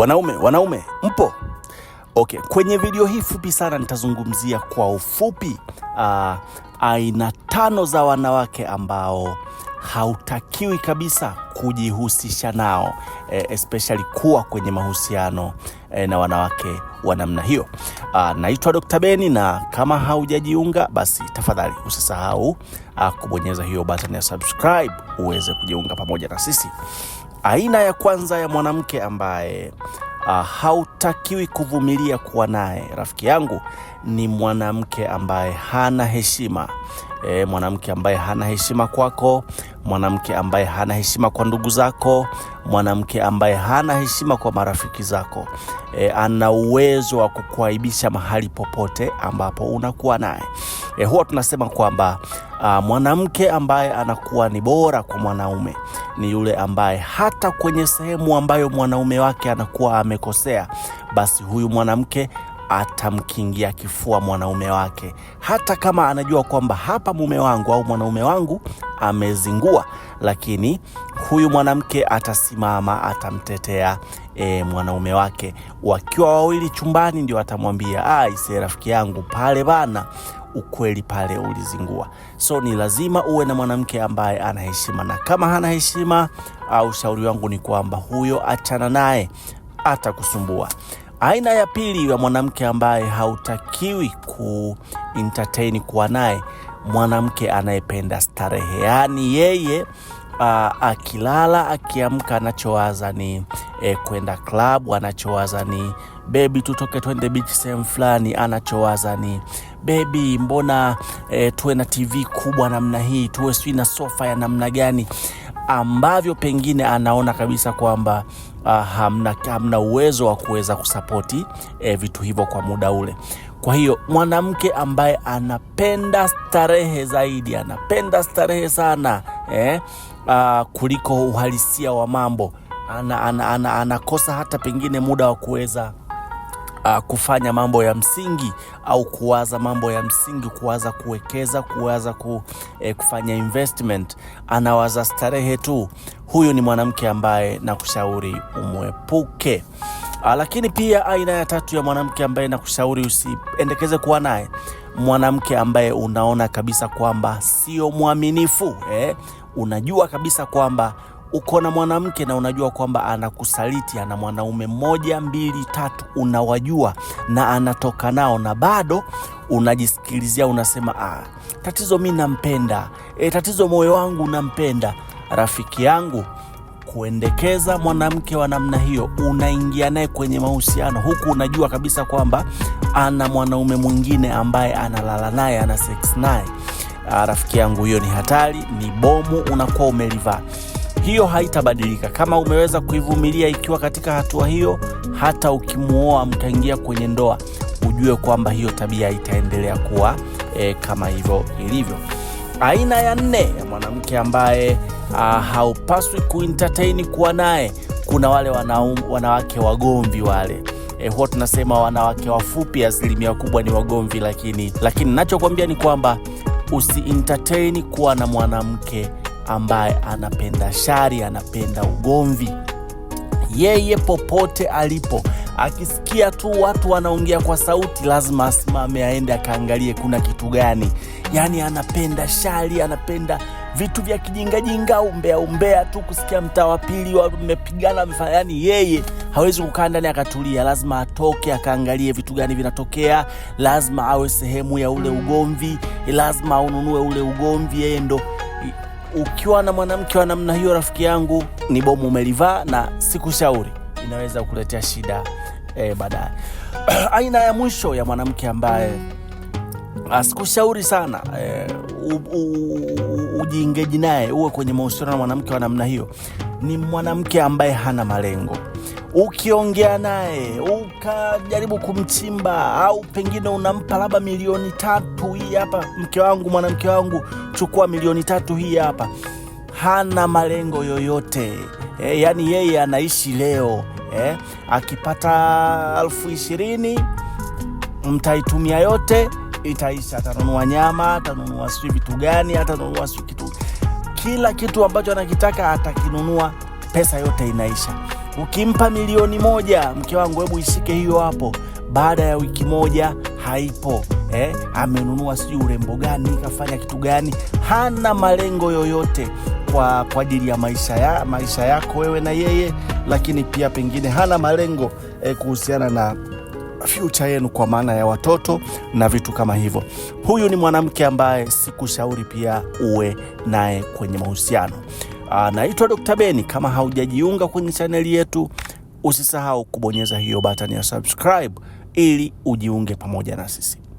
Wanaume, wanaume mpo? Okay, kwenye video hii fupi sana nitazungumzia kwa ufupi uh, aina tano za wanawake ambao hautakiwi kabisa kujihusisha nao eh, especially kuwa kwenye mahusiano eh, na wanawake wa namna hiyo. Uh, naitwa Dr. Beni na kama haujajiunga basi tafadhali usisahau uh, kubonyeza hiyo button ya subscribe uweze kujiunga pamoja na sisi aina ya kwanza ya mwanamke ambaye Uh, hautakiwi kuvumilia kuwa naye rafiki yangu ni mwanamke ambaye hana heshima e, mwanamke ambaye hana heshima kwako, mwanamke ambaye hana heshima kwa ndugu zako, mwanamke ambaye hana heshima kwa marafiki zako e, ana uwezo wa kukuaibisha mahali popote ambapo unakuwa naye e, huwa tunasema kwamba uh, mwanamke ambaye anakuwa ni bora kwa mwanaume ni yule ambaye hata kwenye sehemu ambayo mwanaume wake anakuwa amekosea, basi huyu mwanamke atamkingia kifua mwanaume wake, hata kama anajua kwamba hapa mume wangu au mwanaume wangu amezingua, lakini huyu mwanamke atasimama, atamtetea e, mwanaume wake. Wakiwa wawili chumbani, ndio atamwambia aisee rafiki yangu pale bana ukweli pale ulizingua. So ni lazima uwe na mwanamke ambaye ana heshima, na kama hana heshima, ah, ushauri wangu ni kwamba huyo achana naye, atakusumbua. Aina ya pili ya mwanamke ambaye hautakiwi ku entertain kuwa naye, mwanamke anayependa starehe, yaani yeye Uh, akilala akiamka anachowaza ni eh, kwenda klabu, anachowaza ni bebi, tutoke twende bichi sehemu fulani. Anachowaza ni bebi, mbona e, tuwe na TV kubwa namna hii, tuwe sijui na sofa ya namna gani, ambavyo pengine anaona kabisa kwamba Uh, hamna, hamna uwezo wa kuweza kusapoti eh, vitu hivyo kwa muda ule. Kwa hiyo mwanamke ambaye anapenda starehe zaidi, anapenda starehe sana eh, uh, kuliko uhalisia wa mambo, anakosa ana, ana, ana hata pengine muda wa kuweza uh, kufanya mambo ya msingi au kuwaza mambo ya msingi, kuwaza kuwekeza, kuwaza ku, eh, kufanya investment, anawaza starehe tu, huyu ni mwanamke ambaye nakushauri umwepuke. Uh, lakini pia aina ya tatu ya mwanamke ambaye nakushauri usiendekeze kuwa naye mwanamke ambaye unaona kabisa kwamba sio mwaminifu eh? Unajua kabisa kwamba uko na mwanamke na unajua kwamba anakusaliti, ana mwanaume moja, mbili, tatu, unawajua na anatoka nao, na bado unajisikilizia unasema, ah, tatizo mi nampenda e, tatizo moyo wangu unampenda. Rafiki yangu, kuendekeza mwanamke wa namna hiyo, unaingia naye kwenye mahusiano huku unajua kabisa kwamba ana mwanaume mwingine ambaye analala naye, ana seks naye. Ah, rafiki yangu, hiyo ni hatari, ni bomu unakuwa umelivaa hiyo haitabadilika. Kama umeweza kuivumilia ikiwa katika hatua hiyo, hata ukimwoa mkaingia kwenye ndoa, ujue kwamba hiyo tabia itaendelea kuwa e, kama hivyo ilivyo. Aina ya nne ya mwanamke ambaye ah, haupaswi kuentertain kuwa naye, kuna wale wanaum, wanawake wagomvi wale E, huwa tunasema wanawake wafupi asilimia kubwa ni wagomvi, lakini lakini nachokwambia ni kwamba usi entertain kuwa na mwanamke ambaye anapenda shari, anapenda ugomvi. Yeye popote alipo, akisikia tu watu wanaongea kwa sauti, lazima asimame aende akaangalie kuna kitu gani. Yaani anapenda shari, anapenda vitu vya kijingajinga, umbea umbea tu, kusikia mtaa wa pili wamepigana mfanya. Yani yeye hawezi kukaa ndani akatulia, lazima atoke akaangalie vitu gani vinatokea, lazima awe sehemu ya ule ugomvi, lazima aununue ule ugomvi, yeye ndo ukiwa na mwanamke wa namna hiyo, rafiki yangu, ni bomu umelivaa, na sikushauri, inaweza kukuletea shida e, baadaye. Aina ya mwisho ya mwanamke ambaye ah, sikushauri sana e, ujiingeji naye, uwe kwenye mahusiano na mwanamke wa namna hiyo, ni mwanamke ambaye hana malengo. Ukiongea naye ukajaribu kumchimba, au pengine unampa labda milioni tatu, hii hapa mke wangu, mwanamke wangu, chukua milioni tatu hii hapa, hana malengo yoyote. E, yaani yeye anaishi leo e, akipata elfu ishirini mtaitumia yote itaisha. Atanunua nyama, atanunua sijui vitu gani, atanunua sijui kitu, kila kitu ambacho anakitaka atakinunua, pesa yote inaisha. Ukimpa milioni moja, mke wangu, hebu ishike hiyo hapo, baada ya wiki moja haipo. Eh, amenunua sijui urembo gani, kafanya kitu gani, hana malengo yoyote kwa kwa ajili ya maisha, ya maisha yako wewe na yeye, lakini pia pengine hana malengo eh, kuhusiana na future yenu kwa maana ya watoto na vitu kama hivyo. Huyu ni mwanamke ambaye sikushauri pia uwe naye kwenye mahusiano. Ah, naitwa Dr. Beni. Kama haujajiunga kwenye chaneli yetu, usisahau kubonyeza hiyo batani ya subscribe ili ujiunge pamoja na sisi.